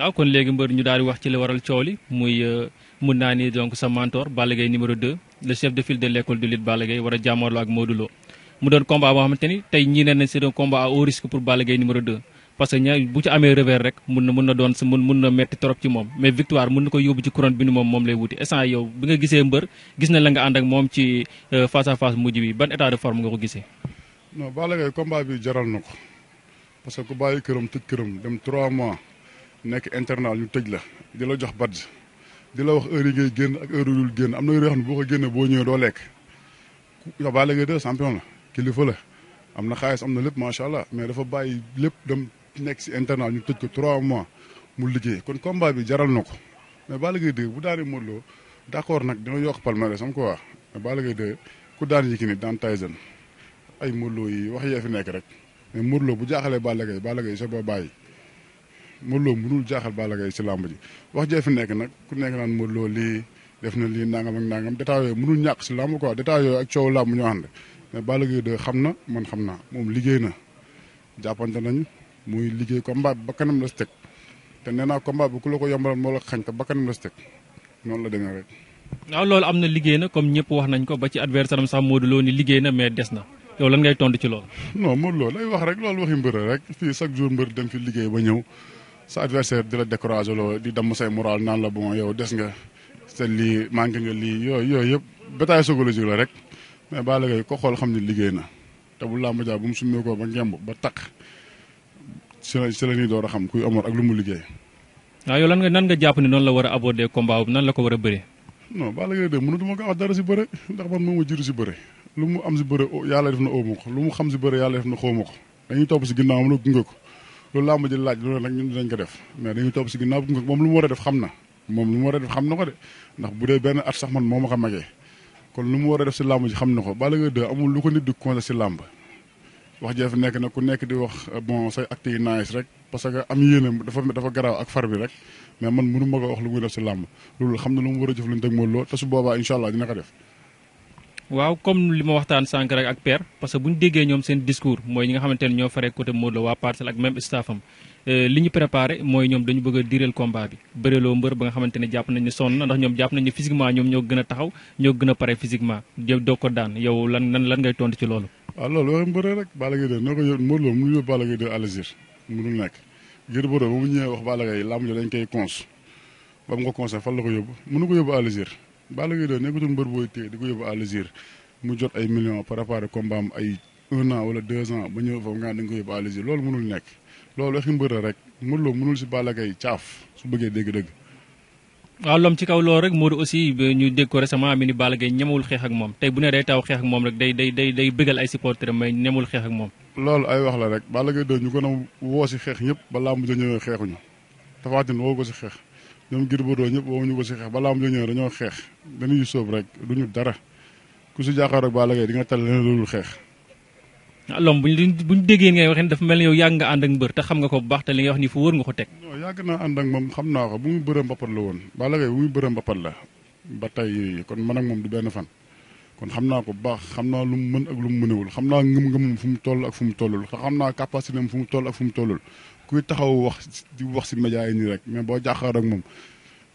waaw ah, kon léegi mbër ñu daal di wax ci li waral coow muy euh, mun naa ni donc sa mentor Balagay numéro 2 le chef de file de l' école de lutte Balla Gaye war a jàmmarloo ak Modou Lo mu doon combat boo xamante ni tey ñii ne nañ c' est un combat à haut risque pour Balagay numéro 2 parce que ña bu ci amee revers rek mun na mun na doon mun mun na metti trop ci moom mais victoire mun na ko yóbbu ci couronne bi nu moom moom lay wuti instant yow bi nga gisee mbër gis na la nga ànd ak moom ci euh, face à face mujj bi ban état de forme nga ko gisee non Balagay combat bi jaral na ko parce que ku bàyyi këram tëj këram dem 3 mois nekk internat ñu tëj la di la jox badge di la wax heure yi ngay génn ak heure yu génn am na yoo xam ne boo ko génnee boo ñëwee doo lekk yow Balla Gaye 2 champion la kilifa la am na xaalis am na lépp macha allah mais dafa bàyyi lépp dem nekk si internat ñu tëj ko trois mois mu liggéey kon combat bi jaral na ko mais Balla Gaye 2 bu daanee Modou Lo d' accord nag dina yokk palmarès am ko mais Balla Gaye 2 ku daan Yékini daan Tyson ay Modou Lo yi wax yee fi nekk rek mais Modou bu jaaxalee Balla Gaye boo bàyyi. Modou Lo mënul jaaxal Balla Gaye si làmb ji wax jee fi nekk nag ku nekk naan Modou Lo lii def na lii nangam ak nangam détails yooyu mënul ñàkk si làmb quoi détails yooyu ak coow làmb ñoo ànd mais Balla Gaye xam na man xam naa moom liggéey na jàppante nañu muy liggéey combat bi ba kanam la si teg te nee naa combat ku ko yombalal moo la xañ te ba kanam noonu la demee rek. waaw loolu am na liggéey na comme ñëpp wax nañ ko ba ci adversaire am sax Modou Lo ni liggéey na mais des na yow lan ngay tontu ci lool non Modou Lo lay wax rek loolu waxi mbër rek fii chaque jour mbër dem fi liggéey ba ñëw sa adversaire di la découragé loo di damm say moral naan la bon yow des nga te lii manqué nga lii yooyu yooyu yëpp bataille psychologique la rek mais Balla Gaye ko xool xam ne liggéey na te bu làmb bu mu summee ko ba ngemb ba taq si la si xam kuy amoon ak lu mu liggéey. waaw ah, yow lan nga nan nga jàpp ne noonu la war a aborder combat bi nan la ko war a bëree. non Balla Gaye de mënatuma dara si bëre ndax man moom ma jiru si bëre lu mu am si bëre yàlla def na óomu ko lu mu xam si bëre yàlla def na xóomu ko dañuy topp si ginnaawam la gunge ko. loolu laa mujj laaj loolu nag ñun dinañ ko def mais dañuy topp si ginnaaw moom lu mu a def xam na moom lu mu war a def xam na ko ndax bu dee benn at sax man moo ma ko magee kon lu mu war a def si làmb ji xam na ko Balla Gaye 2 lu ko nit di conseil si làmb wax jeef nekk na ku nekk di wax euh, bon say actes yi nice rek parce que am yéene dafa dafa garaaw ak far bi rek mais man mënu ma ko wax lu muy def si làmb loolu xam na lu mu war a jëflante ak moom lool te su boobaa incha allah dina ko def waaw comme li ma waxtaan sànq rek ak père parce que bu ñu déggee ñoom seen discours mooy ñi nga xamante ne ñoo faree côté Modou Lo waa parcelle ak même staff am euh, li ñu préparé mooy ñoom dañu bëgg a diréel bi bëriloo mbër ba nga xamante ne jàpp nañu sonn na ndax ñoom jàpp nañu physiquement ñoom ñoo gën a taxaw ñoo gën a pare physiquement doo ko daan yow lan lan ngay tontu ci loolu waaw loolu waxi mbër rek Balla Gaye 2 noo ko yóbbu Modou Lo mënul yóbbu Balla Gaye 2 Algérie mënul nekk Gris wax Balla Gaye làmb jo dañ koy cons ba mu ko conseil Balla Gaye 2 nekkatul mbër booy téye di ko yóbbu à l'usure mu jot ay millions par rapport ak combat am ay un an wala deux ans ba ñëw foofu nga da nga ko yóbbu à l'usure loolu mënul nekk loolu waxi mbër la rek Modou Lo mënul si Balla Gaye caaf su bëggee dégg-dégg. waaw lom ci loolu rek Modou ñu dégg ko récemment mi ni ñemewul xeex ak moom tey bu ne day taw xeex ak moom rek day day day day bëggal ay supporters mais ñemewul xeex ak moom. loolu ay wax la rek Balla Gaye 2 ñu ko a woo si xeex ñëpp balaa mu jël ñëwee xeexuñu Tapha si xeex ñoom do ñep bo ñu ko ci xex bala am ñëw dañoo xeex dañuy sóob rek duñu dara ku su jaxar ak balagay di nga tal ah, leen loolu xex alom buñ buñ déggee ngay waxee dafa melni ni yow yag nga and ak mbeur te xam nga ko bu baax te li nga wax ni fu wóor nga ko tek non yag na and ak mom xam na ko bu mu bërëm bappat la woon balagay bu mu bërëm bappat la ba tay kon man ak mom du ben fan kon xam naa ko bu baax xam naa lu mu mën ak lu mu mënewul xam naa ngëm-ngëmam fu mu toll ak fu mu tollul xam naa capacité fu mu toll ak fu mu tollul kuy taxaw wax di wax si média yi nii rek mais boo jàkkaar ak moom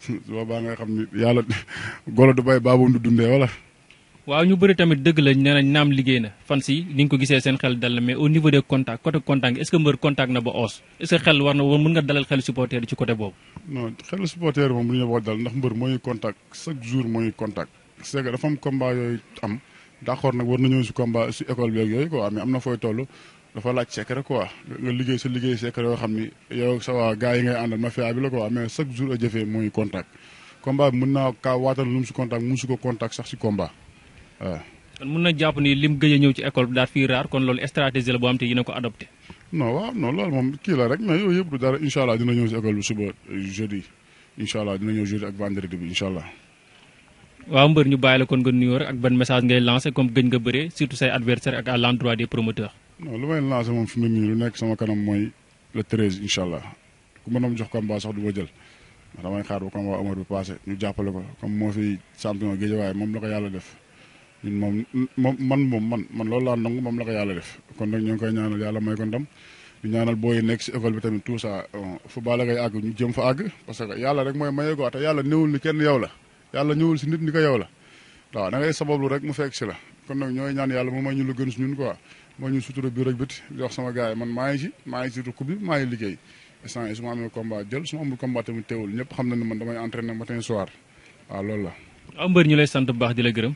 su boobaa nga xam ni yàlla golo du bay baabam du dundee wala. waaw ñu bëri tamit dëgg la nee nañ naam liggéey na fan si ni nga ko gisee seen xel dal na mais au niveau des contacts côté contact est-ce que mbër contact na ba os est-ce que xel war na woon mën nga dalal xel supporter ci côté boobu. xel supporter moom lu ñu wax dal ndax mbër mooy contact chaque jour mooy contact. c'est que dafa combat yooyu dafa laaj secret quoi nga liggéey sa liggéey secret yoo xam ni yow sa waa gars yi ngay àndal mafia bi la quoi mais chaque jour a jëfee mooy contact combat bi mën naa kaa waatal lu mu si contact mu si ko contact sax si combat waaw. kon mën na jàpp ni lim gëj a ñëw ci école bi daal fii raar kon loolu stratégie la boo xam te yéen a ko adopté. non waaw non loolu moom kii la rek mais yooyu yëpp du dara incha allah dina ñëw si école bi suba jeudi incha allah dina ñëw jeudi ak vendredi bi incha allah. waaw mbër ñu bàyyi la kon nga nuyoo rek ak ban message ngay lancé comme gëj nga bëree surtout say adversaire ak à l'endroit des promoteurs. non lu may lancé moom fi mu ne nii lu nekk sama kanam mooy le treize incha allah ku mënoon jox combat sax du ma jël ndax damay xaar ba combat jàppale ko comme moo fi champion Guédiawaye moom la ko yàlla def moom moom man moom man man loolu laa nangu moom la ko yàlla def kon nag ñu ngi koy yàlla may ko ndam ñu ñaanal booy nekk si école bi tamit tout ça fu baala ngay àgg ñu jëm fa àgg parce que yàlla rek mooy maye ko te yàlla néewul ni kenn yow la yàlla ñëwul si nit ni ko yow la waaw da rek mu fekk la kon nag ñooy ñaan yàlla mu may ñu lu gën si ñun quoi moo ñu sutura biir ak biti di wax sama gars yi man maa ngi ci maa ngi ci coupe bi maa ngi liggéey instant su ma amee combat jël su ma amul combat tamit teewul ñëpp xam na ne man damay entraîné matin soir waaw loolu la. waaw mbër ñu lay sant bu baax di la gërëm.